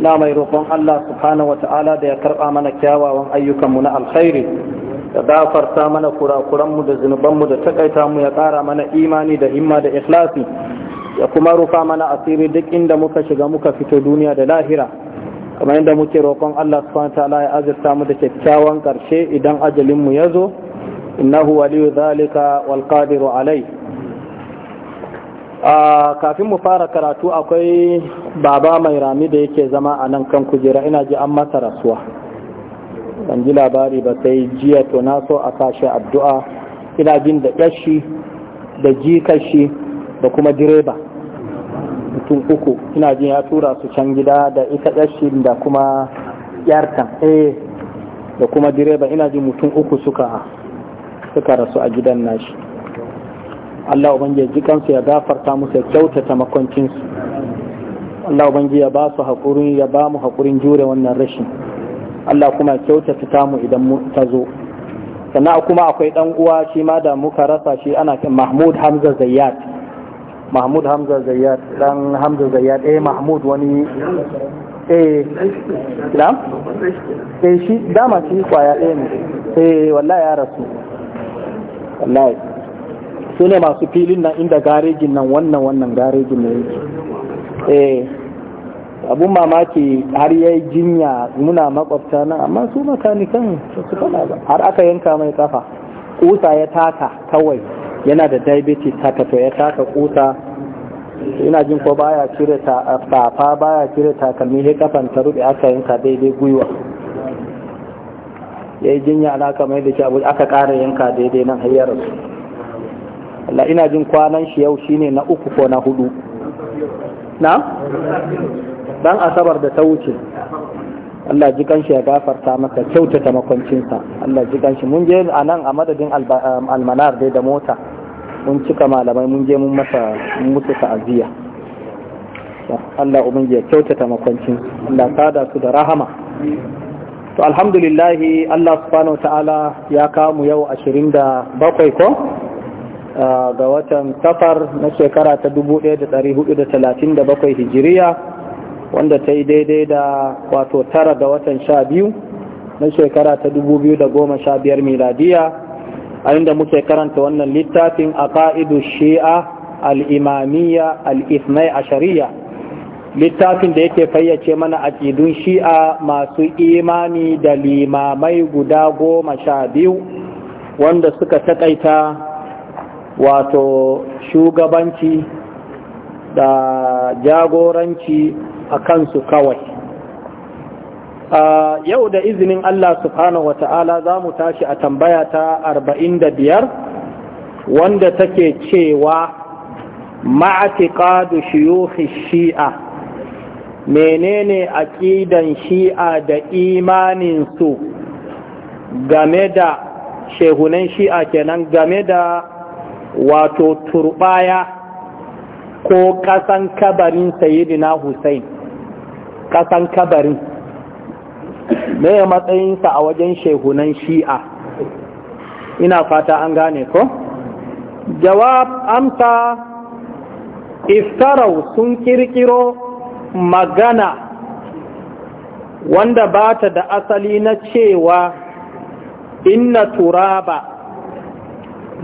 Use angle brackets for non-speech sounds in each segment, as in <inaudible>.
na mai roƙon Allah subhanahu wa ta'ala da ya karɓa mana kyawawan ayyukanmu na alkhairi da dafarta mana kurakuranmu da zunubanmu da takaita mu ya ƙara mana imani da himma da ikhlasi ya kuma rufa mana asiri duk inda muka shiga muka fito duniya da lahira kamar yadda muke roƙon Allah subhanahu ta'ala ya azurta mu da kyakkyawan ƙarshe idan ajalin mu ya zo innahu waliyu zalika wal qadiru alai kafin mu fara karatu akwai baba mai rami da yake zama a nan kan kujera ina ji an masa rasuwa ban ji labari ba sai jiya to na so a kashe addu'a ina jin da 'yashi, da jikashi da kuma direba mutum uku ina jin ya tura su can gida da ita yashi, da kuma yartan eh da kuma direba ina jin mutum uku suka rasu a gidan nashi Allah ubangiji jikansu ya gafarta musu ya kyautata makwancinsu Allah ubangiji ya ba su haƙurin ya ba mu haƙurin jure wannan rashin Allah kuma ya kyautata ta mu idan mu ta zo sannan kuma akwai ɗan uwa shi ma da muka rasa shi ana Mahmud Hamza Zayyad Mahmud Hamza Zayyad dan Hamza Zayyad eh Mahmud wani eh na eh shi dama shi kwaya ɗaya ne eh wallahi ya rasu wallahi su ne masu filin nan inda garejin nan wannan wannan garejin ne yake eh abun mamaki har ya yi jinya muna makwabta nan amma su makanikan su fada ba har aka yanka mai kafa kusa ya taka kawai yana da diabetes haka to ya taka kusa ina jin ko baya cire ta fafa baya cire takalmi he kafan ta rubi aka yanka daidai gwiwa ya yi jinya alaka mai da shi abu aka ƙara yanka daidai nan hayyar su rasu Allah ina jin kwanan shi yau shine na uku ko na hudu na dan asabar da ta wuce Allah ji kanshi ya gafarta maka kyautata makwancinsa Allah ji kanshi mun je a nan a madadin um, almanar dai da mota mun cika malamai mun je mun masa mutu ta'aziyya Allah ubangiji ya kyautata makwancin Allah sada su da rahama to alhamdulillah Allah subhanahu wa ta'ala ya kamu yau 27 ko ga watan safar na shekara ta 1437 hijiriya wanda ta yi daidai da wato tara ga watan sha biyu na shekara ta 2015 miladiya a inda muke karanta wannan littafin a ka'idu shi'a al'imamiyya al'ifnai a shari'a littafin da yake fayyace mana aƙidun shi'a masu imani da limamai guda goma sha biyu wanda suka taƙaita wato shugabanci da jagoranci a kansu kawai yau da izinin Allah subhanahu wata'ala za mu tashi a tambaya ta arba'in da biyar wanda take cewa ma'atiqadu shuyukhi shi'a menene aqidan shi'a da imanin su game da shehunan shi'a kenan game da wato turbaya ko kasan kabarin sayyidina Hussein kasan kabarin me matsayinsa a wajen shehunan shi'a ina fata an gane ko jawab amsa iftarau sun kirkiro magana wanda ba ta da asali na cewa inna turaba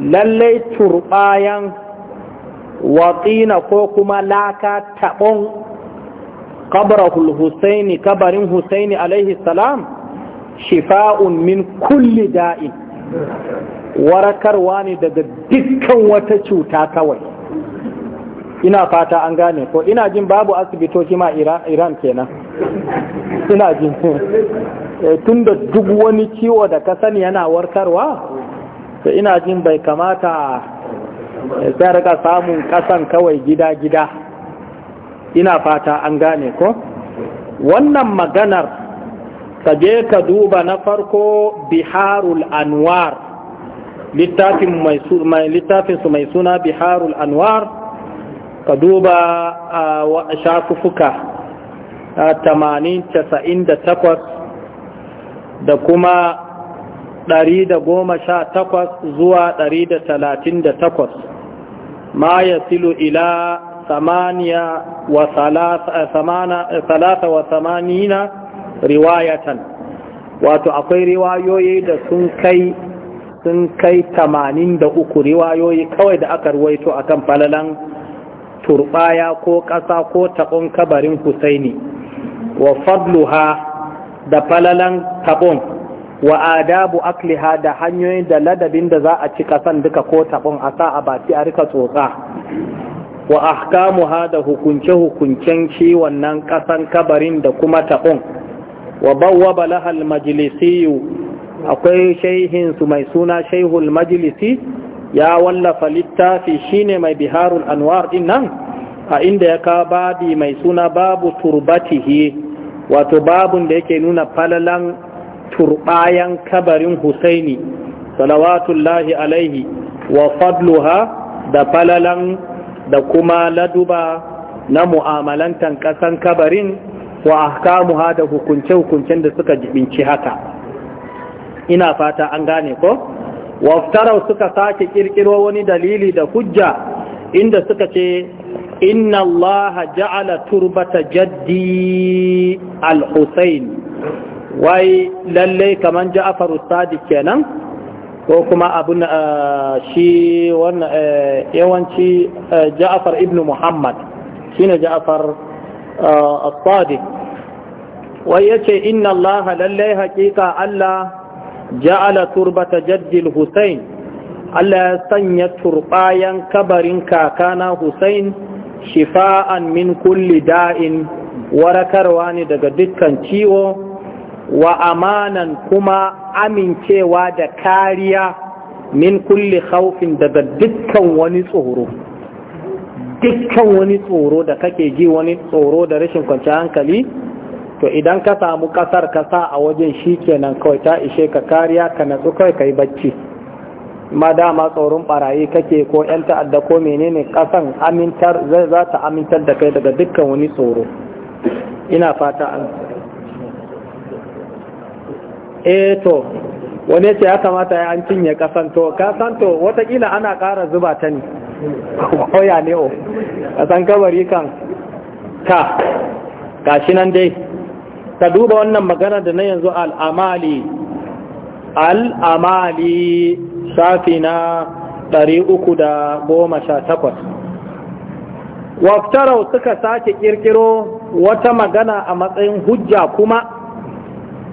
lallai turbayan watsina ko kuma laka taɓon kabarahul husaini kabarin husaini alaihi salam shifa'un min kulli da'in warakarwa ne daga dukkan wata cuta kawai ina fata an gane ko ina jin babu asibitoci ma iran kenan ina jin <laughs> eh, tunda duk wani ciwo da ka sani yana warkarwa to ina jin bai kamata sai eh, rika samun kasan kawai gida-gida ina fata an gane ko wannan maganar ka je ka duba na farko biharul anwar littafin su mai suna biharul anwar ka duba a shafufuka 80 98 da kuma takwas zuwa takwas, ma ya silo ila samaniya wa salata eh, eh, wa samanina riwayatan wato akwai riwayoyi da sun kai sun kai uku riwayoyi kawai da aka ruwaito a kan falalan turbaya ko ƙasa ko taɓon kabarin husaini wa fadluha da falalan taɓon wa adabu akliha da hanyoyin da ladabin da za a ci kasan duka ko tabon a sa a baki a rika tsotsa wa ahkamuha da hukunce hukuncen ciwon wannan kasan kabarin da kuma tabon wa bawwaba lahal majlisiyu akwai shaihin su mai suna shaihul majlisi ya wallafa littafi shine mai biharul anwar din nan a inda ya ka babi mai suna babu turbatihi wato babun da yake nuna falalan turbayan kabarin husaini salawatullahi alaihi wa fadluha da falalan da kuma laduba na mu'amalantan kasan kabarin wa ahkamuha da hukunce-hukuncen da suka jibinci haka ina fata an gane ko waftarau suka sake kirkiro wani dalili da hujja inda suka ce inna Allah ja'ala turbata jaddi al-husayn wai lalle kaman ja'afar sadik kenan ko kuma abun eh, shi wannan eh, yawanci eh, ja'afar ibn muhammad shine ja'afar sadiq wai yace inna allah lalle hakika allah ja'ala turbata jaddil husain allah ya sanya turbayan kabarin kakana husain shifa'an min kulli da'in warakarwa ne daga dukkan ciwo wa amanan kuma amincewa da kariya min kulli khawfin daga dukkan wani tsoro dukkan wani tsoro da kake ji wani tsoro da rashin kwanciyar hankali to idan ka samu kasar ka sa a wajen shi kenan kawai ta ishe ka kariya ka natsu kawai ka yi bacci ma dama tsoron barayi kake ko yan ta'adda ko menene kasan amintar zai za ta amintar da kai daga dukkan wani tsoro ina fata an eh to wane ce ya kamata ya an cinye kasanto, kasanto watakila ana kara zuba ta ne koya <laughs> ne o oh. kasan kabari kan ka kashi nan dai ta duba wannan magana da na yanzu al'amali al'amali shafi na 318 waftarau suka sake kirkiro wata magana a matsayin hujja kuma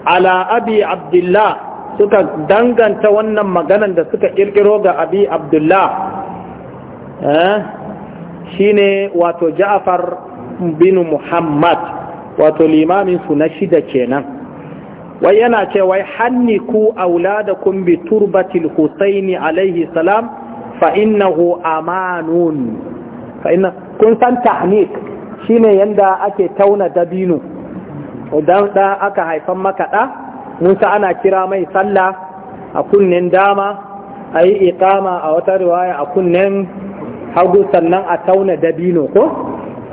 ala abi abdullah suka danganta wannan maganan da suka kirkiro ga abi abdullah eh? shine wato ja'far bin muhammad wato limamin su na shida kenan wai yana ce wai hanniku auladakum bi turbatil husaini alaihi salam fa innahu amanun fa inna kun san tahnik shine yanda ake tauna dabino udan da aka haifan maka ɗa musa ana kira mai sallah a kunnen dama a yi iƙama a wata riwaya a kunnen hagu sannan a tauna dabino ko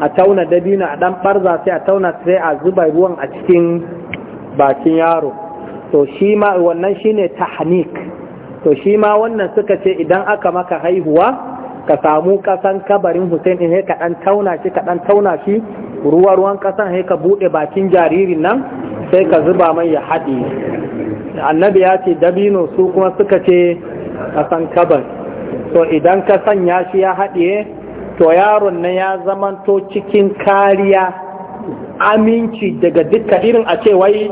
a tauna dabino a ɗan ɓarza sai a tauna sai a zuba ruwan a cikin bakin yaro to shi ma wannan shi shine tahnik to shi ma wannan suka ce idan aka maka haihuwa ka samu ƙasan kabarin Hussein in ka ɗan tauna shi ka ɗan tauna shi ruwa ruwan kasan sai ka bude bakin jaririn nan sai ka zuba mai ya haɗe annabi ya ce dabino su kuma suka ce kasan kaban to idan ka sanya shi ya haɗe to yaron na ya zamanto cikin kariya aminci daga dukkan irin a ce wai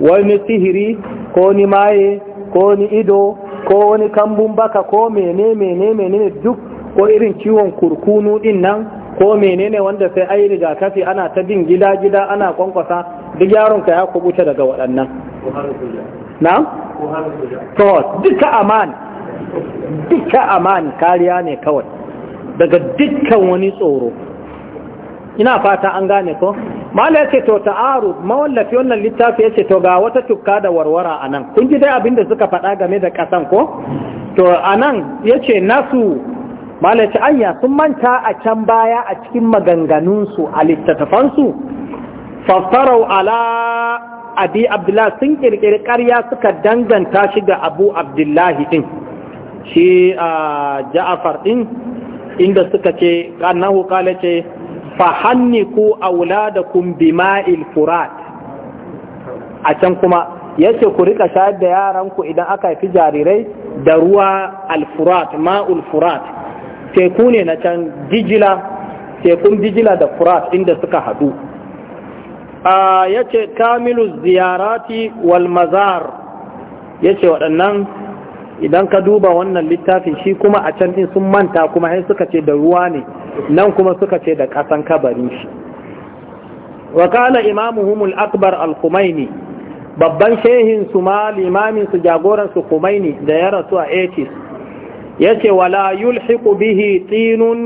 wani sihiri ko ni maye ko ni ido ko wani kambun baka ko mene mene duk ko irin ciwon kurkunu din nan ko menene wanda sai ai rigakafi ana ta bin gida gida ana kwankwasa duk yaron ka ya kubuta daga waɗannan na to duka aman duka aman kariya ne kawai daga dukkan wani tsoro ina fata an gane ko mala yace to ta'arud mawallafi wannan littafi yace to ga wata tukka da warwara anan kun ji dai da suka faɗa game da ƙasan ko to anan yace nasu malaci anya sun manta a can baya a cikin maganganunsu a littattafansu fassarau ala abi abdullahi sun kirkiri ƙarya suka danganta shi ga abu abdullahi din shi a ja'afar din inda suka ce annahu kala ce fahanniku auladakum bima'il furat a can kuma ya ce ku rika shayar da yaranku idan aka haifi jarirai da ruwa alfurat ma'ul furat teku ne na can dijila tekun dijila da furat inda suka haɗu ya ce kamilu ziyarati wal mazar ya ce waɗannan idan ka duba wannan littafin shi kuma a can ɗin sun manta kuma hain suka ce da ruwa ne nan kuma suka ce da ƙasan kabari shi wakala imamuhumul akbar al-kumaini babban shehin su ma limamin su jagoransu kumaini da ya rasu a 80 yace wala yulhiqu bihi tinun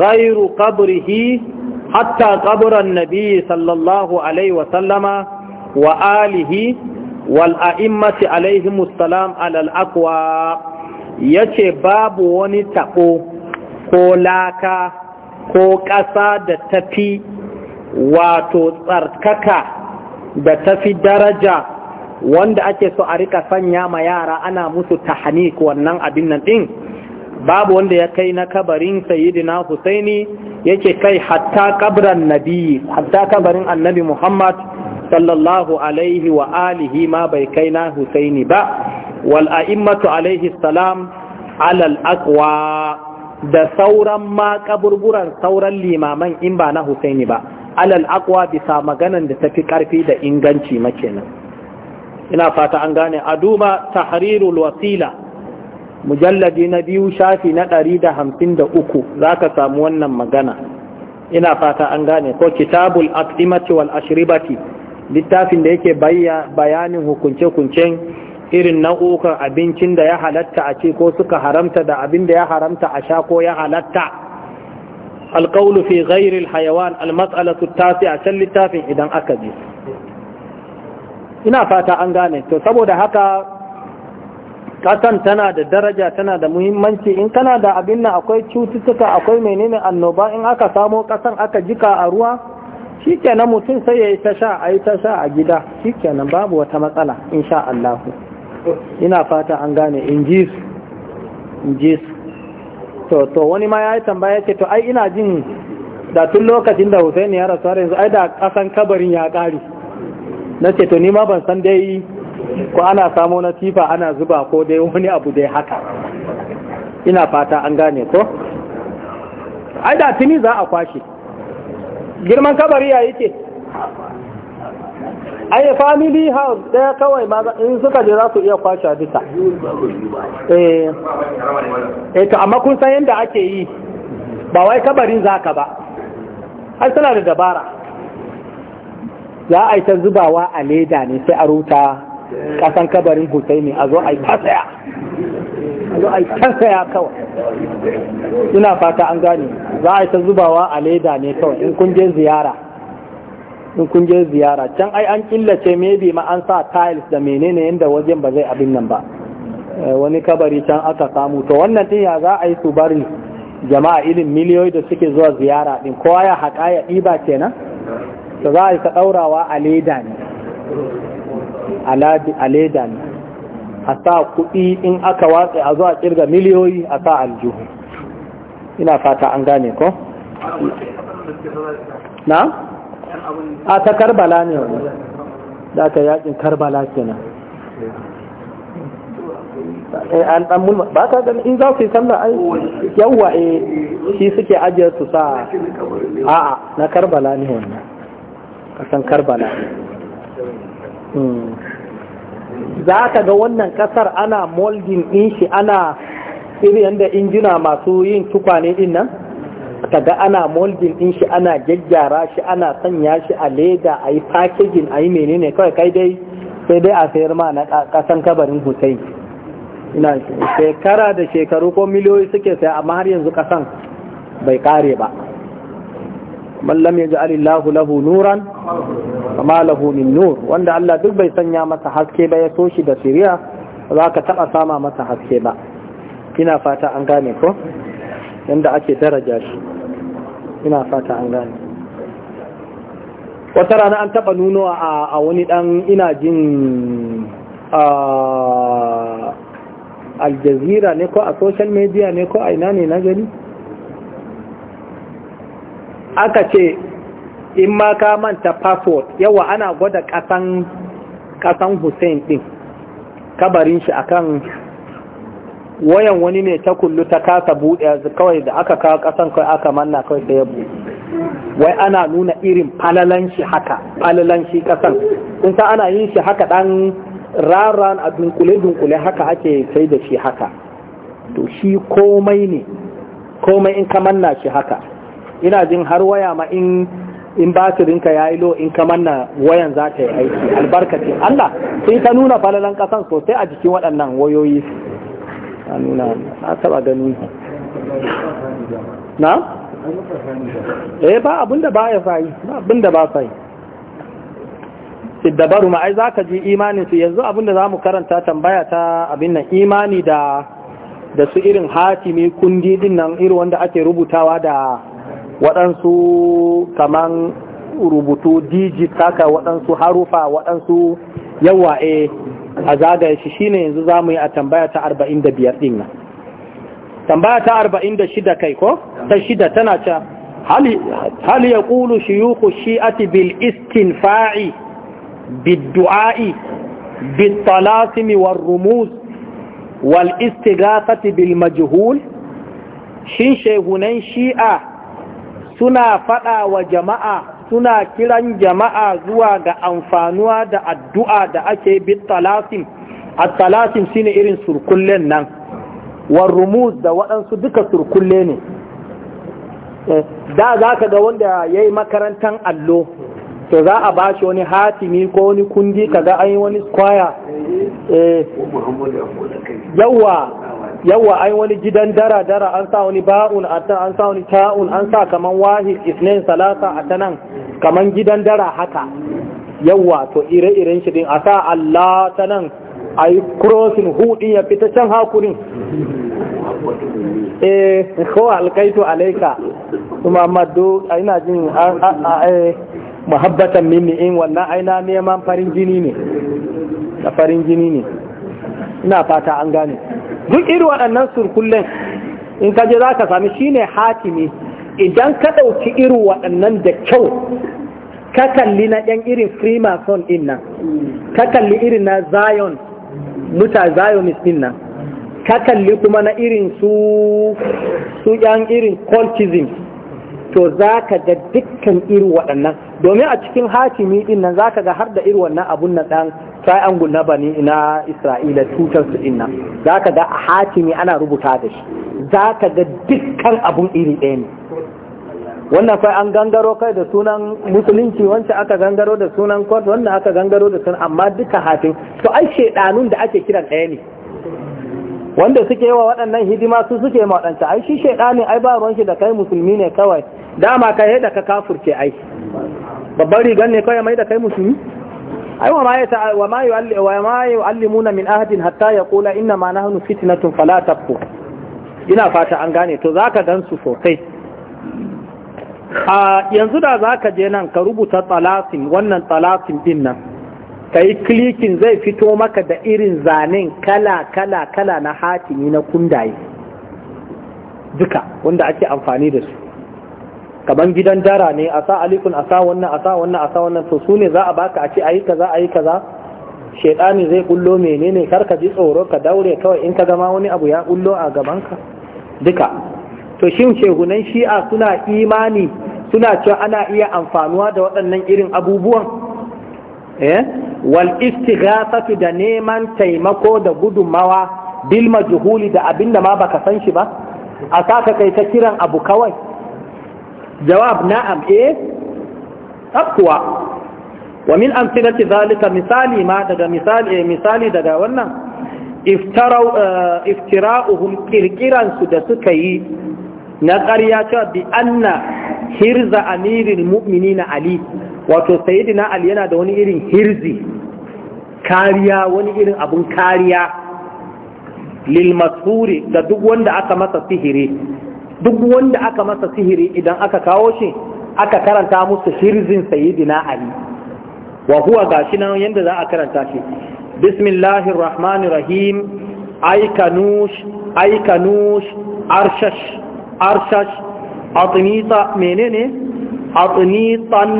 ghairu qabrihi hatta qabran nabiy sallallahu wa sallama wa alihi wal a'immati alaihim assalam alal aqwa yace babu wani tabo ko laka ko ƙasa da tafi wato tsarkaka da tafi daraja wanda ake so a rika sanya ma yara ana musu tahnik wannan abin nan din babu wanda ya kai na kabarin sayyidina Husaini yake kai hatta kabran nabi hatta kabarin annabi Muhammad sallallahu alaihi wa alihi ma bai kai na Husaini ba wal a'immatu alaihi salam alal aqwa da sauran ma kaburburan sauran limaman in ba na Husaini ba alal aqwa bisa maganan da tafi karfi da inganci makenan ina fata an gane a duba tahrirul wasila mujalladi na biyu shafi na ɗari da hamsin da uku za samu wannan magana ina fata an gane ko kitabul aqimati wal ashribati littafin da yake bayanin hukunce-hukuncen irin nau'ukan abincin da ya halatta a ce ko suka haramta da abin da ya haramta a sha ko ya halatta alƙaulu fi ghairil hayawan al-mas'alatu tasi a can littafin idan aka je ina fata an gane to saboda haka kasan tana da daraja tana da muhimmanci in kana da abin nan akwai cututtuka akwai menene annoba in aka samo kasan aka jika a ruwa shikenan mutum sai ya yi ta sha a yi ta sha a gida shikenan babu wata matsala insha Allah ina fata an gane in ji su in ji su to to wani ma ya yi tambaya ce to ai ina jin da tun lokacin da Hussein ya rasu yanzu ai da kasan kabarin ya kare na ce to nima ban san dai ko ana samo na tifa ana zuba ko dai wani abu dai haka ina fata an gane ko ai da tuni za a kwashe girman kabari ya yake ai family house daya kawai ma in suka je za su iya kwashe duka eh eh to amma kun san yadda ake yi ba wai kabarin zaka ba har suna da dabara za a yi ta zubawa a leda ne sai a ruta kasan kabarin ne a zo a yi tasaya a zo a yi tasaya kawai ina fata an gane za a yi ta zubawa a leda ne kawai in kun je ziyara in kun je ziyara can ai an killace maybe ma an sa tiles da menene yadda wajen ba zai abin nan ba eh, wani kabari can aka samu to wannan din ya za a yi su bari jama'a irin miliyoyi da suke zuwa ziyara din kowa ya haƙa ya ɗiba kenan da za a yi ta ɗaurawa a leda ne a leda ne a sa kuɗi in aka watsa a zuwa kirga miliyoyi a sa aljihu ina fata an gane ko? na? a ta karbala ne wani za ka yakin karbala kenan eh, an ba ka gani in za su yi sallah ai yawa eh shi suke ajiyar su sa a'a na karbala ne wannan kasan karbala hmm. za ka ga wannan kasar ana moldin din shi ana irin yadda injina masu yin tukwane din nan ka ga ana moldin din shi ana gyaggyara shi ana sanya shi a leda a yi packaging a yi menene kawai kai dai sai dai a sayar ma na kasan kabarin hussein ina shekara da shekaru ko miliyoyi suke sai, amma har yanzu kasan bai kare ba man lam yaj'al Allahu lahu nuran fama lahu min nur wanda Allah duk bai sanya masa haske ba ya so shi da siriya za ka taba sama masa haske ba ina fata an gane ko yanda ake daraja shi ina fata an gane wata rana an taba nuno a wani dan ina jin aljazira ne ko a social media ne ko a ina ne na gani aka ce in ma ka manta passport yawa ana gwada kasan kasan Hussein din kabarin shi akan wayan wani ne ta kullu ta kasa buɗe kawai da aka kawo kasan kai aka manna kawai da ya wai ana nuna irin falalan shi haka falalan shi kasan In san ana yin shi haka dan raran a dunkule dunkule haka ake sai da shi haka to shi komai ne komai in ka manna shi haka ina jin har waya ma in in batirinka ya yi lo in kamar na wayan za ta yi aiki albarkacin Allah sai ta nuna falalan kasan sosai a jikin waɗannan wayoyi a nuna na taɓa gani na? eh ba abinda ba ya sayi ba abinda ba sayi siddabaru ma ai ka ji imanin su yanzu abinda mu karanta tambaya ta abin nan imani da da su irin hatimi kundi din nan irin wanda ake rubutawa da waɗansu kaman rubutu digit haka waɗansu harufa waɗansu yawa a eh, a zagaye shi shine yanzu za mu yi a tambaya ta arba'in da biyar ɗin nan tambaya ta arba'in da shida kai ko ta shida tana ca Hali ya ƙulu shiyuku shi'ati bil fa’i bid du'a'i bid talasimi war rumuz wal istigasati bil majihul shin shehunan shi'a suna faɗa wa jama'a suna kiran jama'a zuwa ga amfanuwa da addu'a da ake bi talasim a talasim shine irin surkullen nan war rumuz da waɗansu duka surkulle ne eh, da za ka ga wanda ya yi makarantar allo to za a ba shi wani hatimi ko wani kundi ka ga an yi wani squire eh, yawa yawa ai wani gidan dara dara an sa wani ba'un a an sa wani ta'un an sa kaman wahid isnin salasa a kaman gidan dara haka yawa to ire-iren shi din a sa Allah ta nan a yi crossing hudin ya fita can hakurin eh ko alkaitu alayka kuma maddo ina jin eh, muhabbatan minni in wannan aina neman farin jini ne farin jini ne ina fata an gane duk iri waɗannan surkullen in ka je za ka sami shi ne hatimi idan ka ɗauki iri waɗannan da kyau ka kalli na ɗan irin freemason ɗin nan ka kalli irin na zion muta zionist ɗin nan ka kalli kuma na irin su su ɗan irin cultism to za ka ga dukkan iri waɗannan domin a cikin hatimi ɗin nan za ka ga har da iri wannan abun na ɗan triangle na bani na isra'ila tutar su inna za ka ga hatimi ana rubuta da shi za ka ga dukkan abun iri ɗaya ne wannan fa an gangaro kai da sunan musulunci wancan aka gangaro da sunan kwat, wannan aka gangaro da sunan amma duka hatim to ai shedanun da ake kiran ɗaya ne wanda suke yawa waɗannan hidima su suke ma waɗanta ai shi shedanin ai ba ruwan shi da kai musulmi ne kawai dama kai da ka kafurce ai babban rigar ne kawai mai da kai musulmi ai wa ma min ahadin hatta yaqula inna ina fata an gane to a yanzu da zaka je nan ka rubuta talatin wannan talatin din nan kai klikin zai fito maka da irin zanen kala kala kala na hatimi na kundaye duka wanda ake amfani da su kaman gidan dara ne a sa alikun a sa wannan a sa wannan a sa wannan to su ne za a baka a ce ayi kaza ayi kaza shedani zai kullo menene kar ka ji tsoro ka daure kawai in ka gama wani abu ya kullo a gaban ka duka to shin shehunan shi'a suna imani suna cewa ana iya amfanuwa da waɗannan irin abubuwan eh wal istighathatu da neman taimako da gudummawa bil majhuli da abinda ma baka san shi ba a saka kai ta kiran abu kawai jawab na'am eh akwa wa min amsilati zalika misali ma eh, misali daga wannan iftarau eh, iftira'uhum kirkiran da suka yi na ƙarya cewa bi anna hirza amiril mu'minina ali wato saidi na ali yana da wani irin hirzi kariya wani irin abun kariya lil da duk wanda aka masa sihiri duk wanda aka masa sihiri idan aka kawo shi aka karanta musu hirzin sayyidina ali wa huwa gashi nan yanda za a karanta shi bismillahir rahmanir rahim aikanush aikanush arshash arshash atnita menene atnitan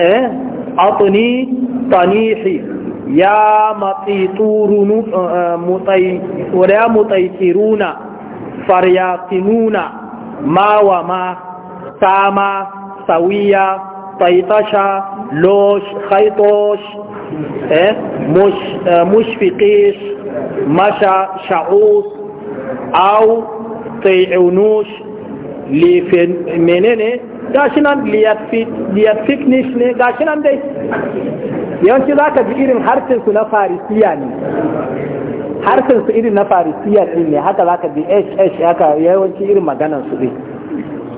eh atni tanihi ya matituru eh, mutai wa ya mutaitiruna faryatinuna ma mawama ma sama sawiya taitasha losh khaitosh eh mushfiqish masha sha'us au tai'unush li gashi nan liyafinish ne gashi nan dai yawanci za ka ji irin su na farisiya ne su irin na farisiya din ne haka za ka ji hh haka yawanci irin su ne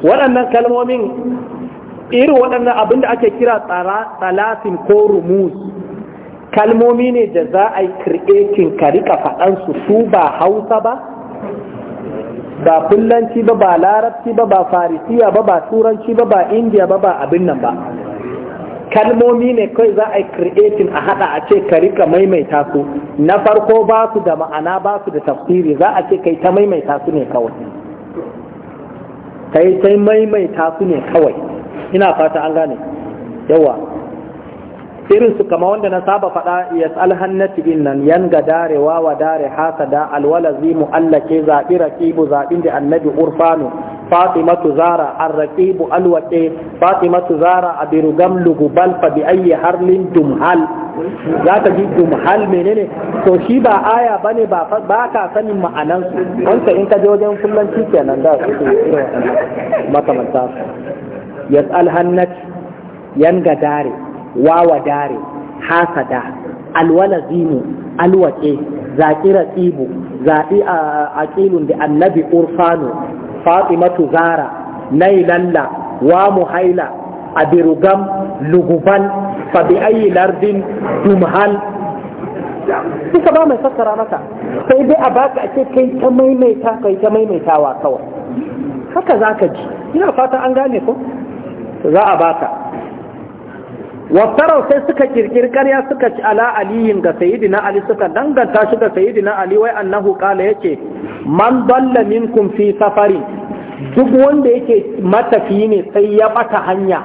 waɗannan kalmomin irin waɗannan abinda ake kira Talatin ko rumus kalmomi ne da za a yi kari ka rika faɗansu su ba hausa ba ba Kullanci ba ba larabci ba ba farisiya ba ba turanci ba ba indiya ba ba abin nan ba kalmomi ne kai za a yi creating a hada a ce ka rika maimaita su na farko ba su da ma'ana ba su da tafsiri za a ce kai ta maimaita su ne kawai kai ta maimaita su ne kawai ina fata an gane yawa irin su kama wanda na saba faɗa ya alhannati tibin nan yanga dare, wa dare hasada Allah ke zaɓi raqibu zaɓin da annabi urfanu fatimatu zara arraqibu alwaqi fatimatu zara abiru gamlugu bal fa bi ayi harlin dumhal ka ji dumhal menene to shi ba aya bane ba ba ka sanin ma'anan su wanda in ka je wajen kullanci kenan da su makamanta Yas hannati yanga dare wawa dare hasada alwalazimu alwace zaƙi ratsibu zaɓi a aƙilun da annabi urfanu fatimatu zara lalla, wa muhaila abirugam lugubal fa bi ayi lardin dumhal duka ba mai fassara maka sai dai a baka a ce kai ta maimaita kai ta maimaitawa kawai haka za ka ji ina fata an gane ko za a baka wasarau sai suka kirkiri karya suka ci ala aliyin ga sayidina ali suka danganta shi ga na ali wai annahu kala Yake man dalla minkum fi safari duk wanda yake matafi ne sai ya bata hanya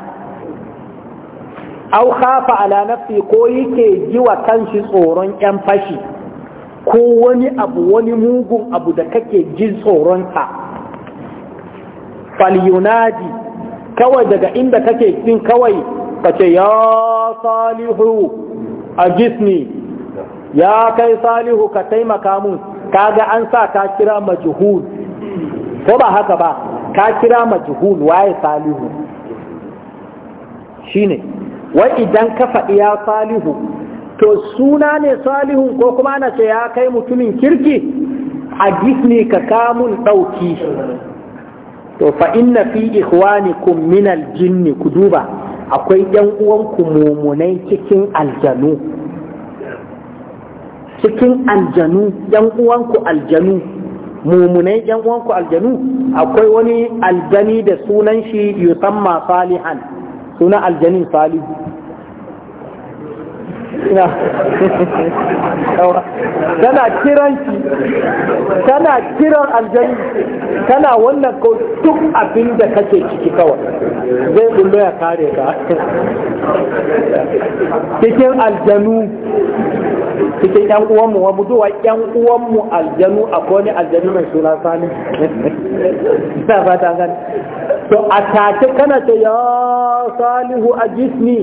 au khafa ala nafsi ko yake ji wa kanshi tsoron yan fashi ko wani abu wani mugun abu da kake jin fal falyunadi kawai daga inda kake jin kawai ka ce ya salihu a ya kai salihu ka taimaka mun kaga an sa ka kira majhul ko ba haka ba ka kira majhul waye salihu shine wai idan ka faɗi ya salihu to suna ne salihun ko kuma na ce ya kai mutumin kirki a gisni ka kamun ɗauki to fa inna fi ikhwanikum minal aljinni ku duba akwai ‘yan uwanku mumunai cikin aljanu cikin aljanu ‘yan uwanku aljanu mumunai ‘yan uwanku aljanu akwai wani aljani da sunan shi yusamma salihan sunan aljanin salihu tana kiran ki tana kiran aljani tana wannan ko duk abin da kake ciki kawai zai bullo ya kare ka cikin aljanu cikin yan uwanmu wa buduwa yan uwanmu aljanu akwai wani aljanu mai suna sani ta fata gani to a tace kana ce ya salihu a jisni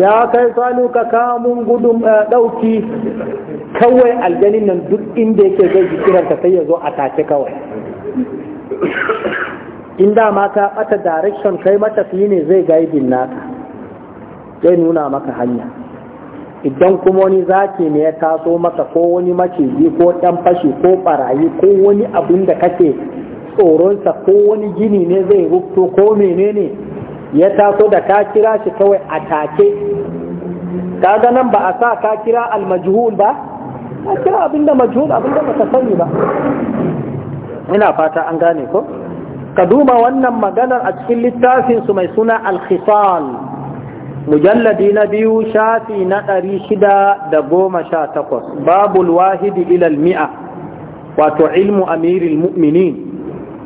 ya kai salihu ka kamun gudun eh, ɗauki kawai aljanin nan duk inda yake zai ji ka sai ya zo a tace kawai in ma ka ɓata direction kai matafi ne zai na naka zai nuna maka hanya idan kuma wani zaki ne ya taso maka ko wani maciji ko ɗan fashi ko ɓarayi ko wani abin da kake tsoronsa ko wani gini ne zai rubto ko menene ya taso da ka kira shi kawai a take kaga nan ba a sa ka kira almajhul ba ka kira abinda majhul abinda ka sani ba ina fata an gane ko ka duba wannan maganar a cikin littafin su mai suna al-khisal mujalladi na biyu shafi na ɗari shida da goma sha takwas babul wahidi ilal mi'a wato ilmu amiril mu'minin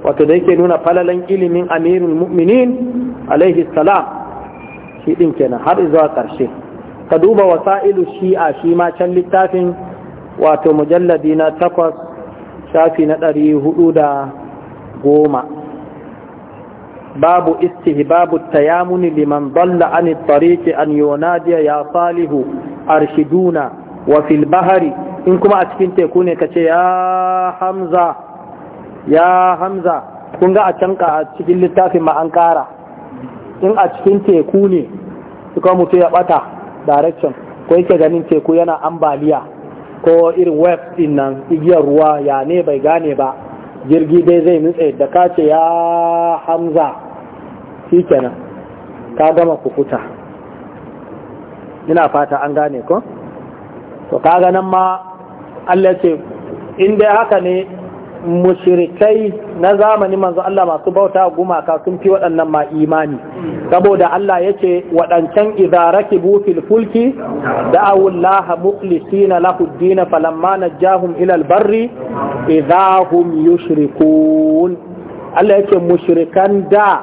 wato da yake nuna falalan ilimin amirul mu'minin alaihi salam shi din kenan har zuwa karshe ka duba wasa'ilu shi'a shi ma can littafin wato mujalladi na takwas shafi na ɗari hudu da goma babu istihbabu tayamuni liman balla an tariqi an yunadiya ya salihu arshiduna wa fil in kuma a cikin teku ne kace ya hamza ya hamza kun ga a can a cikin littafin ma an kara in a cikin teku ne suka mutu ya bata direction ko yake ganin teku yana ambaliya ko irin web din nan igiyar ruwa ya ne bai gane ba jirgi dai zai nutse da kace ya hamza shi kenan ka gama kukuta ina fata an gane ko to kaga nan ma Allah ce in dai haka ne mushirikai na zamani manzo Allah masu bauta gumaka sun fi waɗannan ma imani saboda Allah yace waɗancan idaraki rakibu fil fulki da'awu Allah muqlisina lahu ad falamma najahum ila al-barri idza yushrikun Allah yace mushrikan da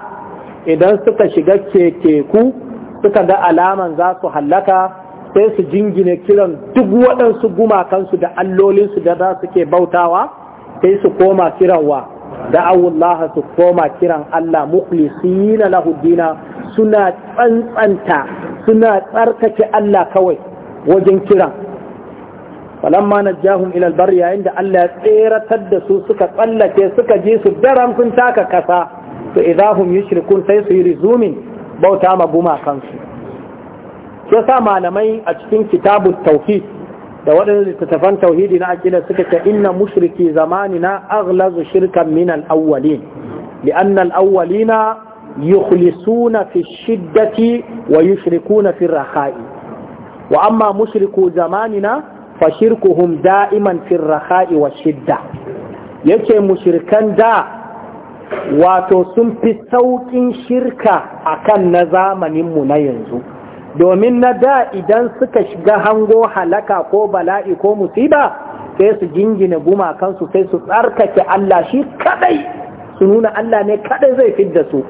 idan suka shiga kekeku suka ga alaman za su hallaka sai su jingine kiran duk waɗansu gumakansu da allolinsu da za suke bautawa sai su koma kiranwa da'awullaha su koma kiran Allah mukhlisina lahu dina suna tsantsanta suna tsarkake Allah kawai wajen kiran falamma najjahum ila albar yayin da Allah ya tseratar da su suka tsallake suka je su daram sun taka kasa to idahum yushrikun sai su yi rizumin bauta ma gumakansu sai sa malamai a cikin kitabut tauhid da waɗanda littattafan tauhidi na aƙida suka ce inna mushriki zamani na aghlazu shirkan min al-awwalin li'anna al-awwalina yukhlisuna fi shiddati wa yushrikuna fi rakhai wa amma mushriku zamanina fa shirkuhum da'iman fi rakhai wa shidda yace mushrikan da wato sun fi saukin shirka akan na zamaninmu na yanzu domin na da idan suka shiga hango halaka ko bala'i ko musiba sai su jingina gumakansu sai su tsarkake Allah shi kadai su nuna Allah ne kadai zai fidda su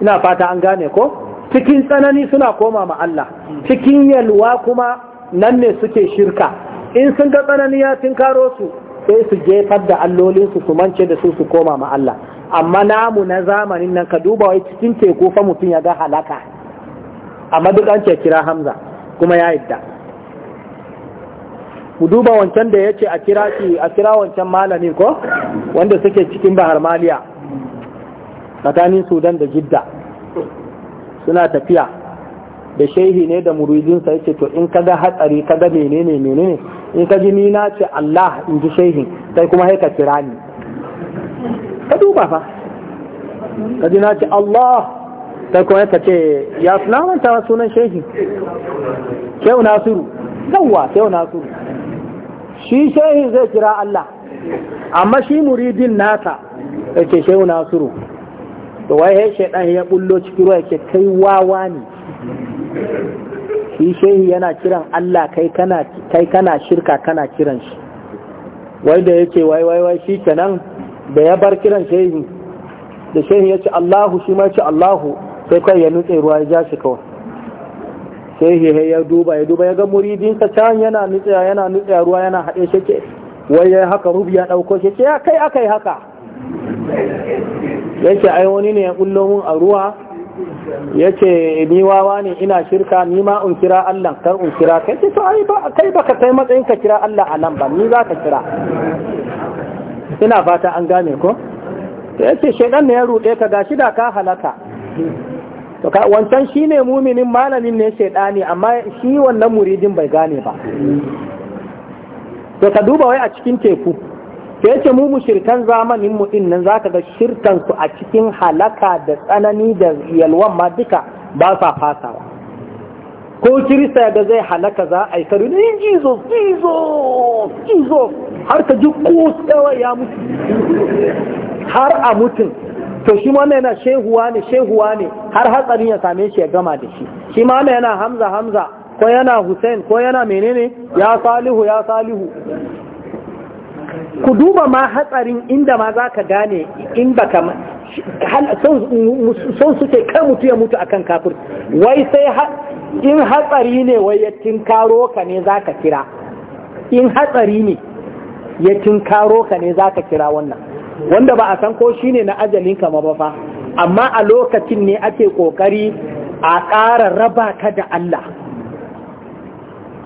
ina fata an gane ko cikin tsanani suna koma ma Allah cikin yalwa kuma nan ne suke shirka in sun ga tsanani ya karo su sai su jefar da allolinsu su mance da su su koma ma Allah amma namu na zamanin nan ka duba wai cikin teku fa mutum ya ga halaka amma duk an ce kira hamza kuma ya yadda ku duba wancan da ya ce a kira shi a kira wancan Malami ko wanda suke cikin bahar maliya tsakanin sudan da jidda suna tafiya da shehi ne da muridinsa ya ce to in kaga hatsari kaga menene menene in ka ji ni na ce Allah in ji shehin sai kuma haika kira ni ka duba fa ka ji na ce Allah sai kuma ka ce ya sulamanta sunan shehi Kyau nasiru yawwa Kyau nasiru shi shehi zai kira Allah amma shi muridin nasa ya ce shehu nasiru to wai ya ɗan ya bullo cikin ruwa ke kai wawa ne shi shehi yana kiran Allah kai kana shirka kana kiran shi wai da yake wai wai wai shi kenan da ya bar kiran shehi da shehi ya ce Allahu shi ma ya ce Allahu sai kai ya nutse ruwa ya ja shi kawai sai hehe ya duba ya duba ya ga muridinsa can yana nutse yana nutse ruwa yana haɗe shi ke wai ya haka rubi ya ɗauko shi ce ya kai aka yi haka yace ai wani ne ya kullo mun a ruwa yace ni wawa ne ina shirka ni ma in kira Allah kar in kira kai ce to ai ba kai baka kai matsayin ka kira Allah a nan ba ni za ka kira ina fata an gane ko yace shedan ne ya rude ka gashi da ka halaka to ka wancan shine muminin malamin ne shaidani amma shi wannan muridin bai gane ba to ka duba wai a cikin teku sai ce mu mushirkan zamanin mu din nan zaka ga shirkan su a cikin halaka da tsanani da yalwan ma duka ba sa fasawa ko kirista ga zai halaka za a yi karu ne jizo jizo jizo har ka ji kusa ya mutu har a mutum to shi ma yana shehuwa ne shehuwa ne har hatsarin ya same shi ya gama da shi shi ma yana hamza hamza ko yana hussein ko yana menene ya salihu ya salihu ku duba ma hatsarin inda ma za ka gane inda ka son suke kai mutu ya mutu akan kafir wai sai in hatsari ne wai ya tinkaro ka ne za ka kira in hatsari ne ya tinkaro ka ne za ka kira wannan wanda ba a san ko ne na ajalin kama ba fa amma a lokacin ne ake kokari a ƙara raba ka da Allah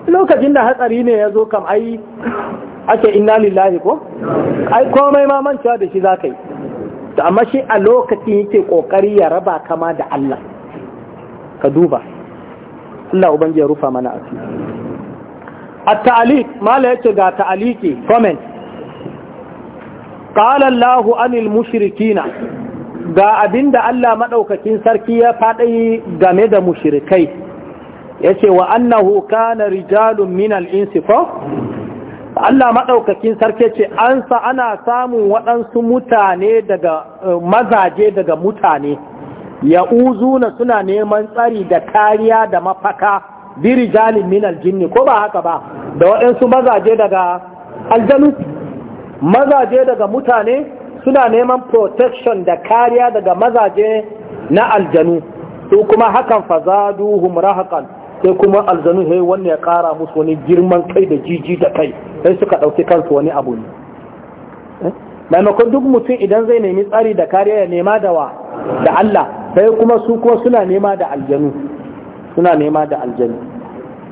lokacin da hatsari ne ya zo kam ai ake inna lillahi ko ai komai ma manta da shi ka yi to amma shi a lokacin yake kokari ya raba kama da Allah ka duba Allah ubangiji ya rufa mana asiri at-ta'liq mala yace ga ta'liqi comment Ƙala Allahu anil mushrikina ga abinda Allah maɗaukakin sarki ya faɗi game da mushrikai yace wa annahu kana rijalun minal al Allah maɗaukakin sarki ce an sa ana samun waɗansu mutane daga eh, mazaje daga mutane ya ya'uzuna suna neman tsari da kariya da mafaka jalin minal jinni ko ba haka ba da waɗansu mazaje daga aljanu mazaje daga mutane suna neman protection da kariya daga mazaje na aljanu ko kuma hakan fazaduhum rahaqan sai kuma aljanu sai wanne ya kara musu wani girman kai da jiji da kai sai suka ɗauki kansu wani abu ne eh? maimakon duk mutum idan zai nemi tsari da kariya ya nema da wa da Allah sai kuma su kuma suna nema da aljanu suna nema da aljanu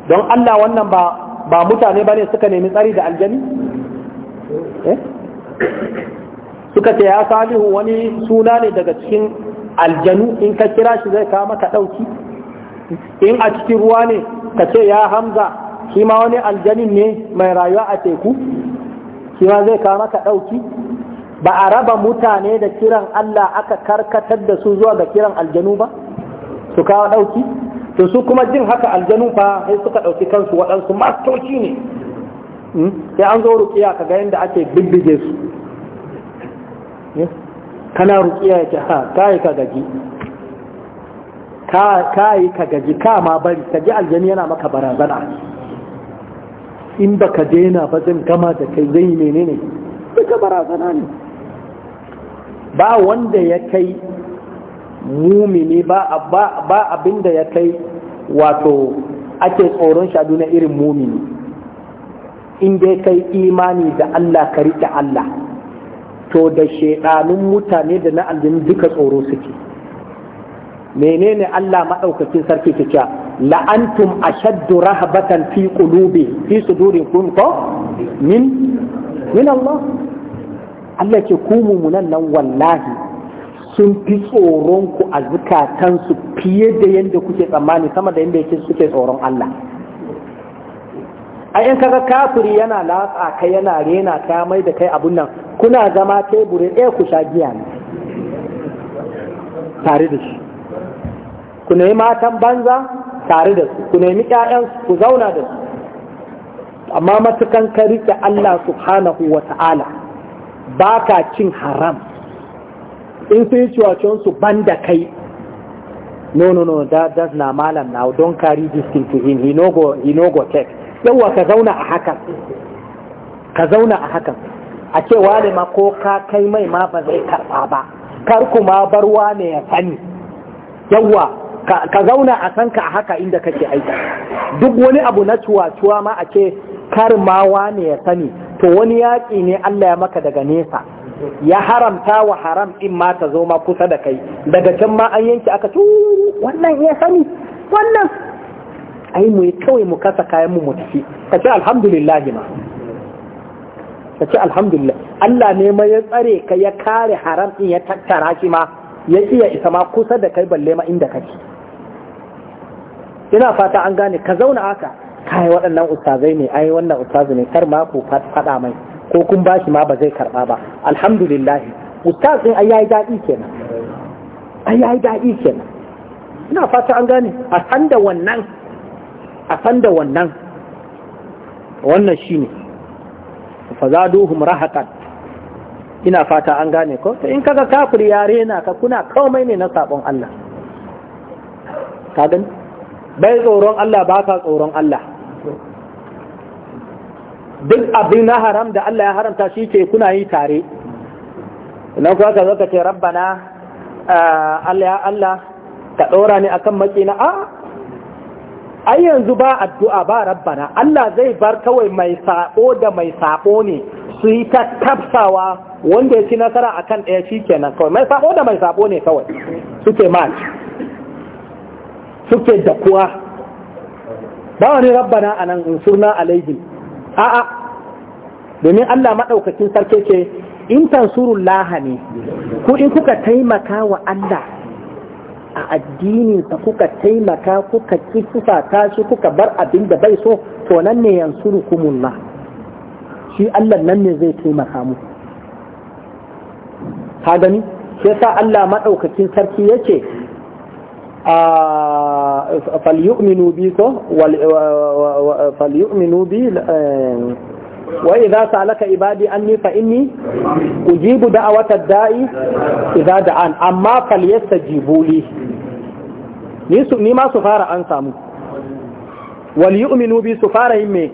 don Allah wannan ba ba mutane bane suka nemi tsari da aljanu Eh? suka ce ya salihu wani suna ne daga cikin aljanu in ka kira shi zai kawo maka ɗauki in a cikin ruwa ne ka ce ya hamza shi ma wani aljanin ne mai rayuwa a teku shi ma zai kawo maka ɗauki ba a raba mutane da kiran Allah aka karkatar da su zuwa ga kiran aljanu ba su kawo ɗauki to su kuma jin haka aljanu fa sai suka ɗauki kansu waɗansu mastoci ne Hmm? sai an zo rukiya ka ga yadda ake bibbige su kana rukiya ya ce ha kayi ka gaji kayi ka gaji ka ma bari ka ji aljani yana maka barazana in ba ka daina ba zan gama da kai zai menene duka barazana ne ba wanda ya kai mumini ba abinda ya kai wato ake tsoron shi a duniya irin mumini in dai kai imani da Allah ka riƙe Allah to da shaidanun mutane da na aljin duka tsoro suke menene Allah maɗaukakin sarki ke cewa la'antum ashaddu rahabatan fi qulubi fi sudurikum ko min min Allah Allah ce ku mumunan nan wallahi sun fi tsoron ku a zukatansu fiye da yadda kuke tsammani sama da yadda yake suke tsoron Allah A in kaga kafiri yana latsa kai yana rena ta mai da kai abun nan kuna zama teburin ɗaya eh, ku sha giya ne tare da shi ku nemi matan banza tare da su ku nemi ƴaƴan ku zauna da su amma matukan ka rike Allah subhanahu wa ta'ala ba ka cin haram in sun yi ciwacin su ban da kai no no no that, that's na malam now don't carry this thing to him he no go, he no go text yawa ka zauna a hakan ka zauna a hakan a ce wale ma ko ka kai mai ma ba zai karɓa ba kar kuma bar wane ya sani yawa ka zauna a sanka a haka inda kake aika duk wani abu na cuwa-cuwa ma a ce kar ma wane ya sani to wani yaƙi ne Allah ya maka daga nesa ya haramta wa haram in ma ta zo ma kusa da kai daga can ma an yanki aka wannan ya sani wannan ai mu kawai mu kasa kayan mu mu tafi ka ce alhamdulillah ma ka ce alhamdulillah Allah ne ma ya tsare ka ya kare haram din ya tattara shi ma ya iya isa ma kusa da kai balle ma inda kake ina fata an gane ka zauna haka kai waɗannan ustazai ne ai wannan ustazu ne kar ma ku faɗa mai ko kun bashi ma ba zai karɓa ba alhamdulillah ustaz din ai yayi daɗi kenan ai yayi daɗi kenan ina fata an gane a san da wannan a san da wannan wannan shine fazaduhum rahaqan ina fata an gane ko in kaga kafir yare na ka kuna komai ne na sabon Allah ka bai tsoron Allah ba ka tsoron Allah duk abin na haram da Allah ya haramta shi ke kuna yi tare na kuwa ka zo ka ce rabbana ah, Allah ya Allah ka ɗora ni akan makina a ah, ai yanzu ba addu'a ba rabbana Allah zai bar kawai mai sako da mai sako ne su yi ta tafsawa wanda ya ci nasara akan ɗaya shi kenan kawai mai sako da mai sako ne kawai suke match suke da kuwa ba wani rabbana a nan suna alaihim a'a domin Allah maɗaukakin sarki ce in tansurun laha ne ko in kuka taimaka wa Allah a addininsa kuka taimaka kuka ta shi kuka bar abin da bai so to nan ne yansurukumullah shi Allah nan ne zai taimaka mu ka gani sai sa Allah madaukakin sarki yace a falyu'minu bi ko wal yu'minu bi wa idza salaka ibadi anni fa inni ujibu da'wata da'i idza da'an amma falyastajibu li ni su ni ma su fara an samu wal yu'minu bi su fara yin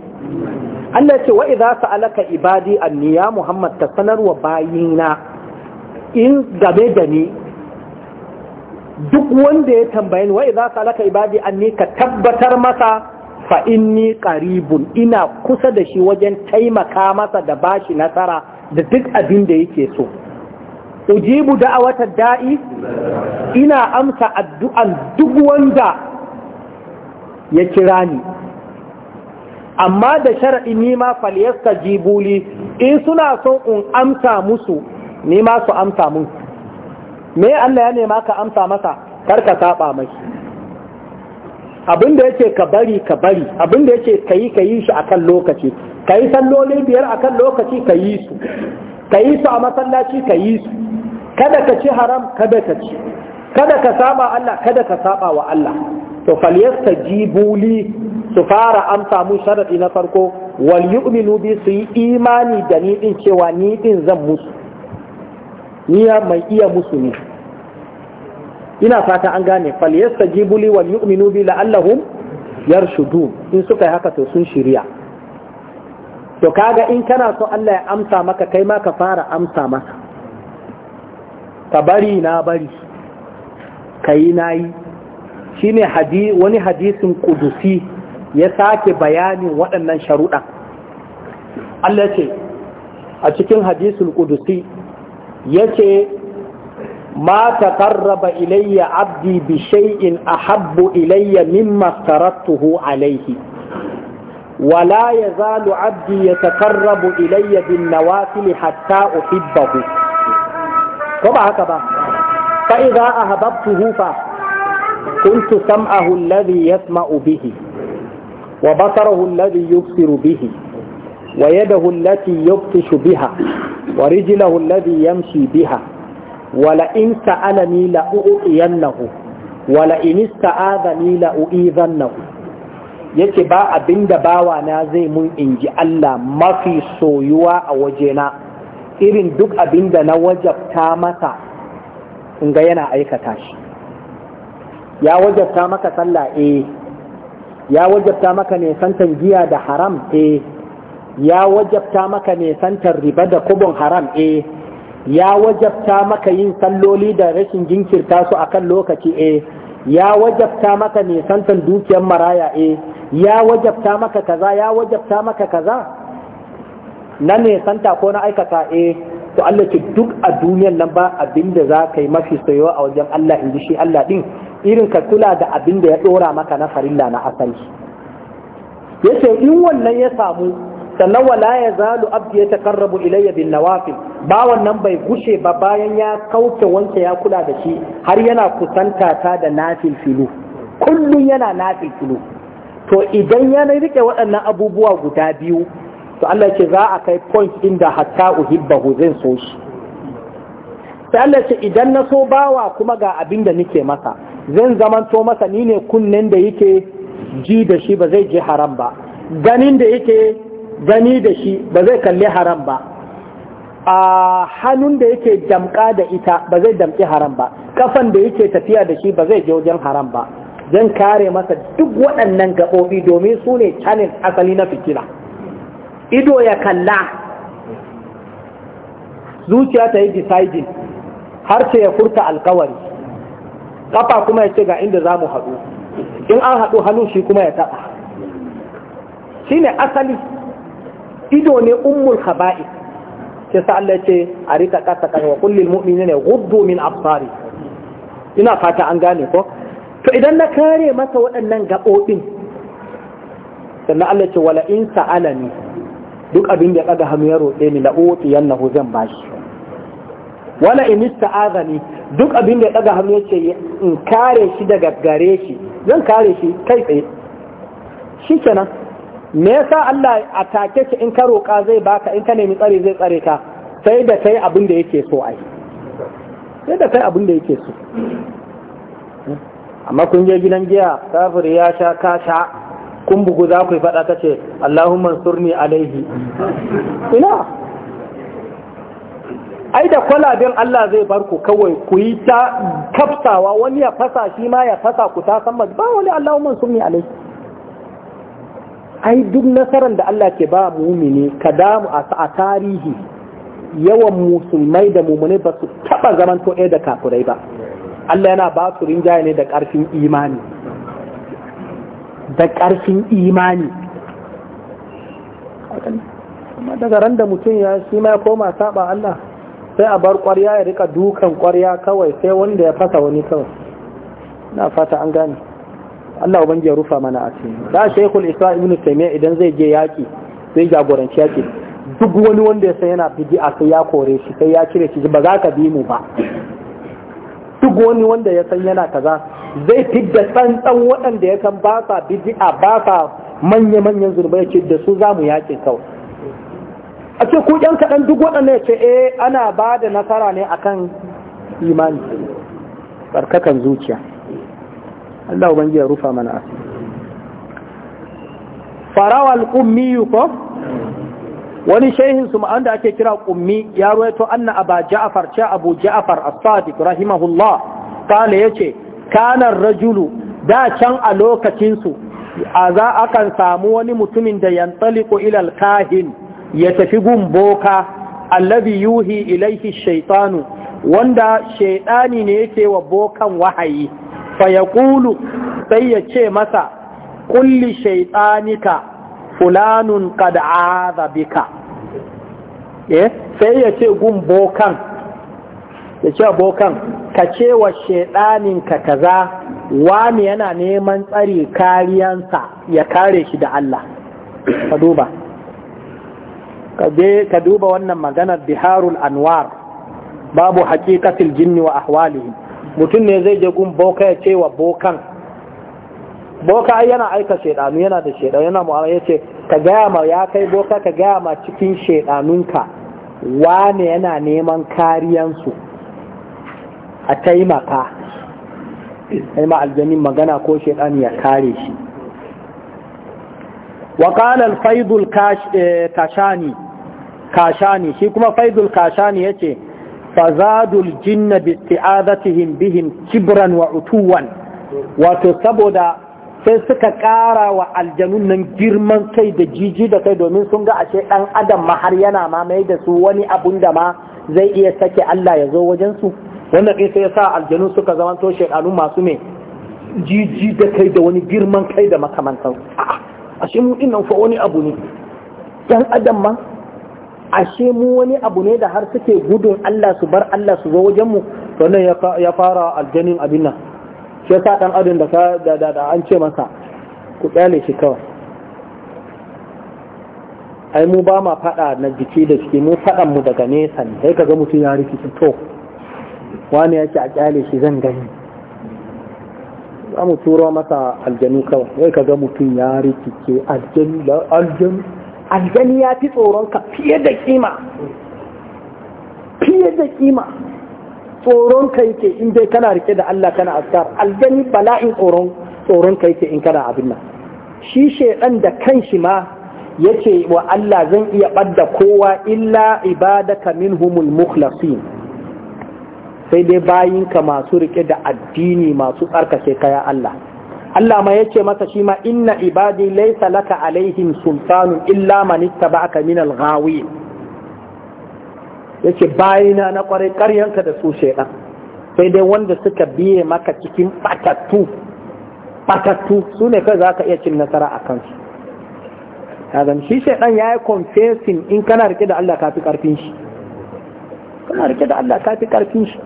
Allah ce wa idza sa'alaka ibadi anni ya Muhammad ta wa bayina in game da ni duk wanda ya tambaye ni wa idza sa'alaka ibadi anni ka tabbatar masa fa inni karibun ina kusa da shi wajen taimaka masa da bashi nasara da duk abin da yake so ujibu da'awata da'i ina amsa addu'an duk wanda ya kira ni amma da shar'i nima falyasta jibuli in suna son in amsa musu nima su amsa mun me Allah ya nema ka amsa masa karka saba mai abin da yake ka bari ka bari abin da yake ka yi ka yi shi akan lokaci ka yi salloli biyar akan lokaci ka yi su ka yi su a masallaci ka yi su kada ka ci haram kada ka ci kada ka saba Allah kada ka saba wa Allah to falyastajibu li su fara amsa mu sharadi na farko wal yu'minu bi su yi imani da ni din cewa ni din zan musu ni mai iya musu ne ina fata an gane fal yastajibu wal yu'minu bi la'allahum yarshudu in suka yi haka to sun shirya to kaga in kana so Allah ya amsa maka kai ma ka fara amsa maka ka bari na bari kayi nayi shine hadi wani hadisin ƙudusi ya sake bayanin waɗannan sharuɗa Allah ce a cikin hadisin qudusi yace ما تقرب إلي عبدي بشيء أحب إلي مما افترضته عليه ولا يزال عبدي يتقرب إلي بالنوافل حتى أحبه كما هكذا فإذا أهببته فكنت سمعه الذي يسمع به وبصره الذي يبصر به ويده التي يبطش بها ورجله الذي يمشي بها wala in ni la u'iyannahu wala in ni la u'izannahu yace ba abinda bawa na zai mun inji Allah mafi soyuwa a wajena irin duk abinda na wajabta mata, in ga yana aikata shi ya wajabta maka sallah eh ya wajabta maka ne santan giya da haram eh ya wajabta maka ne santan riba da kubun haram eh ya wajabta maka yin salloli da rashin jinkirta su akan lokaci eh ya wajabta maka nisantan dukiyar maraya eh ya wajabta maka kaza ya wajabta maka kaza na nisanta ko na aikata e to Allah ce duk a duniyar nan ba abinda za ka yi mafi soyo a wajen Allah in ji shi Allah din irin ka kula da abinda ya dora maka na farilla na asali yace in wannan ya samu sannan wala ya zalu abdi ya taqarrabu ilayya bin nawafil ba wannan bai gushe ba bayan ya kauce wanke ya kula da shi har yana kusanta ta da nafil filu kullun yana nafil filu to idan ya rike waɗannan abubuwa guda biyu to Allah ce za a kai point inda hatta uhibbahu zan so shi sai Allah ce idan na so bawa kuma ga abin da nake masa zan zamanto masa ni ne kunnen da yake ji da shi ba zai je haram ba ganin da yake gani da shi ba zai kalli haram ba a hannun da yake damƙa da ita ba zai damƙi haram ba kafan da yake tafiya da shi ba zai je wajen haram ba zan kare masa duk waɗannan gaɓoɓi domin su ne canin asali na fitila ido ya kalla zuciya ta yi deciding har ce ya furta alkawari ƙafa kuma ya ce ga inda za mu haɗu in an haɗu hannun shi kuma ya taɓa shi ne asali ido ne ummul khaba'i sai sa Allah ce a rika kasa kan wa kullil mu'minina ghuddu min absari ina fata an gane ko to idan na kare masa waɗannan gaɓoɓin sannan Allah ce wala in sa'alani duk abin da ya kaga hannu ya roƙe ni la uti yannahu zan bashi wala in ista'azani duk abin da ya kaga hannu ya ce in kare shi daga gare shi zan kare shi kai tsaye shikenan me yasa Allah a take ki in ka roƙa zai baka in ka nemi tsare zai tsare ka sai da kai abin da yake so ai sai da kai abin da yake so amma kun je gidan giya kafir ya sha ka sha kun bugu za ku yi faɗa ta ce Allahumma surni alaihi ina ai da kwalaben Allah zai bar ku kawai ku yi ta kafsawa wani ya fasa shi ma ya fasa ku ta san ba wani Allahumma surni alaihi ai duk nasarar da Allah ke ba mumini ka damu a tarihi yawan musulmai da mumini ba su taba zaman to da kafirai ba Allah yana ba su rinjaye ne da ƙarfin imani da ƙarfin imani amma daga ran da mutum ya shi ma koma saba Allah sai a bar ƙwarya ya rika dukan ƙwarya kawai sai wanda ya fasa wani kawai na fata an gane Allah ubangi ya rufa mana a cikin da Sheikhul islam ibn Taymiyyah idan zai je yaki zai jagoranci yaki duk wani wanda ya san yana bid'a sai ya kore shi sai ya cire shi ba za ka bi mu ba duk wani wanda ya san yana kaza zai fidda tsantsan waɗanda ya san ba sa bid'a ba sa manya-manyan ya ce da su za mu yaƙi kawai a ce ku ɗan kaɗan duk waɗanda ya ce eh ana ba da nasara ne akan imani tsarkakan zuciya Allah ubangi rufa mana asiri farawal ummi ko wani shehin su da ake kira ƙummi ya ruwaito anna aba ja'far cha abu ja'far as-sadiq rahimahullah ya yace kanar rajulu da can a lokacinsu a za kan samu wani mutumin da yantaliku ilal kahin ya tafi gun boka allazi yuhi ilaihi shaitanu wanda shaidani ne yake wa bokan wahayi fa ya sai ya ce masa kulli shaitanika fulanun kad'aza bika eh, sai ya ce gun bokan ya ce bokan ka ce wa shaitaninka kaza wani yana neman tsari kariyansa ya kare shi da Allah ka duba ka duba wannan maganar biharul anwar babu haƙiƙatil jinni wa ahwalihim mutum ne zai je gun boka ya ce wa bokan boka yana aika shaidanu yana da shaidanu yana mu'amala ya ce ka gaya ma ya kai boka ka gaya ma cikin shaidanunka wane yana neman kariyansu a taimaka ai ma aljanin magana ko shaidan ya kare shi wa qala al faidul eh, kashani kashani shi kuma faidul kashani yace fazadul jinna bi ti'adatihim bihim kibran wa utuwan wato saboda sai suka ƙara wa aljanun nan girman kai da jiji da kai domin sun ga ashe ɗan adam ma har yana ma mai da su wani abun da ma zai iya sake Allah ya zo wajen su wannan kai sai yasa sa aljanu suka zama to shekaru masu me jiji da kai da wani girman kai da makamantan ashe mu dinnan fa wani abu ne ɗan adam ma ashe mu wani abu ne da har suke gudun Allah su bar Allah su zo wajen mu to nan ya fara aljanin abin nan shi yasa dan adam da da da an ce masa ku tsale shi kawai ai mu ba ma fada na jiki da jiki mu fadan mu daga nesa ne sai kaga mutum ya rikici to wani ya ce a kyale shi zan gani za mu turo masa aljanu kawai sai kaga mutum ya rikice aljanu aljanu aljani ya fi tsoronka fiye da kima fiye da kima tsoronka yake in dai kana rike da Allah kana askar aljani bala'in tsoron tsoronka yake in kana abin nan shi shedan da kanshi ma yace wa Allah zan iya badda kowa illa ibadaka minhumul mukhlasin sai dai bayinka masu rike da addini masu tsarkake kaya Allah Allah ma yace masa shi ma inna ibadi laysa laka alaihim sultanun illa man ittaba'aka min al-ghawin yace bayina na kwarai karyanka da su shedan sai dai wanda suka biye maka cikin batattu batattu su ne kai zaka iya cin nasara a kansu kaga shi shedan yayi confessing in kana rike da Allah kafi karfin shi kana rike da Allah kafi karfin shi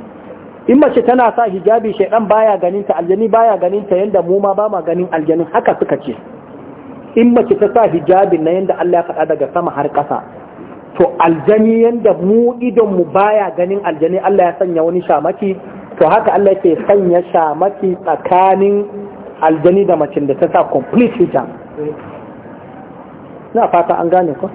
in mace tana sa hijabi shaidan baya ganin ta aljani baya ganin ta yanda mu ma ba ma ganin aljanin haka suka ce in mace ta sa hijabin na yanda Allah ya faɗa daga sama har ƙasa to aljani yanda mu idon mu baya ganin aljani Allah ya sanya wani shamaki to haka Allah yake sanya shamaki tsakanin aljani da mace da ta sa complete hijab na fata an gane ko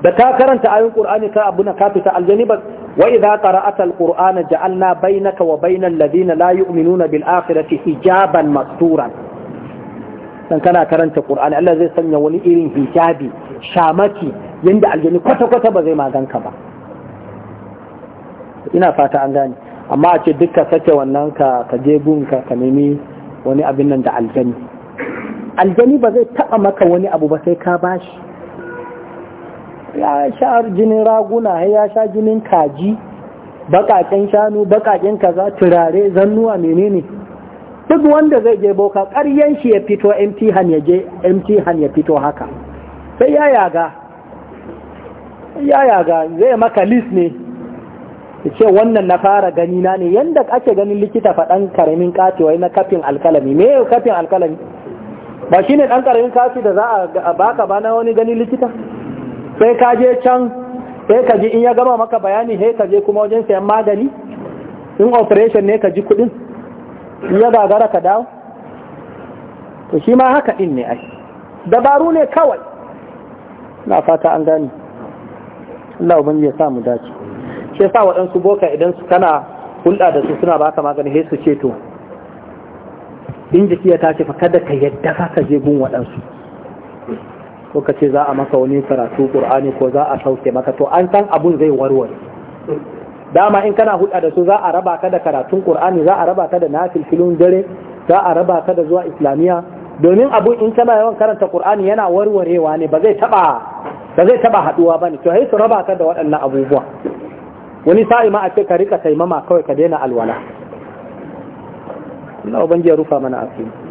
da ta karanta ayoyin qur'ani ka abu na ka fita aljani ba wa idza qara'ata alqur'ana ja'alna bainaka wa bainal ladina la yu'minuna bil akhirati hijaban masturan dan kana karanta qur'ani Allah zai sanya wani irin hijabi shamaki yanda aljani kwata kwata ba zai maganka ba ina fata an gane amma a ce dukka sake wannan ka ka je gunka ka nemi wani abin nan da aljani aljani ba zai taba maka wani abu ba sai ka bashi ya sha jinin raguna ya sha jinin kaji bakaken shanu bakaken kaza turare zannuwa menene duk wanda zai je boka ƙaryen shi ya fito empty hand ya je empty hand ya fito haka sai ya yaga ya yaga zai maka list ne ya ce wannan na fara gani na ne yanda ake ganin likita faɗan karamin katewa na kafin alkalami me kafin alkalami ba shine ɗan karamin kafi da za a baka ba na wani gani likita sai ka je can sai ka ji in ya gama maka bayani sai ka je kuma wajen sayan magani in operation ne ka ji kudin in ya gagara ka dawo to shi ma haka din ne ai dabaru ne kawai na fata an gani Allah ubangiji ya samu dace shi sa waɗansu boka idan su kana hulɗa da su suna baka magani sai su ce to in jiki ya tashi fa kada ka yadda ka je gun waɗansu ko ka ce za a maka wani karatu qur'ani ko za a sauke maka to an san abun zai warware dama in kana hulɗa da su za a raba ka da karatun qur'ani za a raba ka da nafil filun dare za a raba ka da zuwa islamiyya domin abun in kana yawan karanta qur'ani yana warwarewa ne ba zai taba ba zai taba haduwa bane to sai su raba ka da waɗannan abubuwa wani sa'i ma a ce ka rika taimama kawai ka daina alwala Allah ubangiji ya rufa mana asiri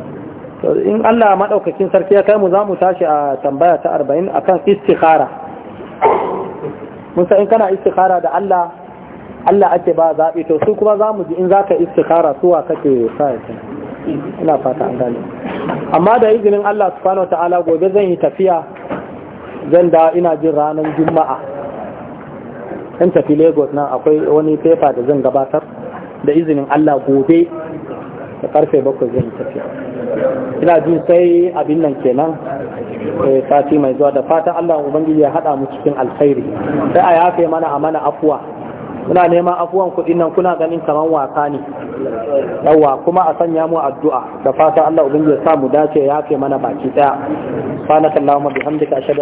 in Allah maɗaukakin sarki ya kai mu za mu tashi a tambaya ta arba'in akan kan istikhara musa in kana istikhara da Allah Allah ake ba zaɓi to su kuma za mu ji in za ka istikhara suwa kake sa ina fata an gane amma da izinin Allah subhanahu ta'ala gobe zan yi tafiya zan da ina jin ranar juma'a in tafi lagos nan akwai wani paper da zan gabatar da izinin Allah gobe da karfe bakwai zan yi tafiya ina jin sai abin nan kenan eh, sati mai zuwa da fatan Allah ubangiji ya hada mu cikin alkhairi sai a yafe mana a mana afuwa muna neman afuwan kuɗi nan kuna ganin kaman wasa ne yawa kuma a sanya mu addu'a da fata Allah ubangiji ya sa mu dace ya yafe mana baki daya subhanakallahumma bihamdika ashhadu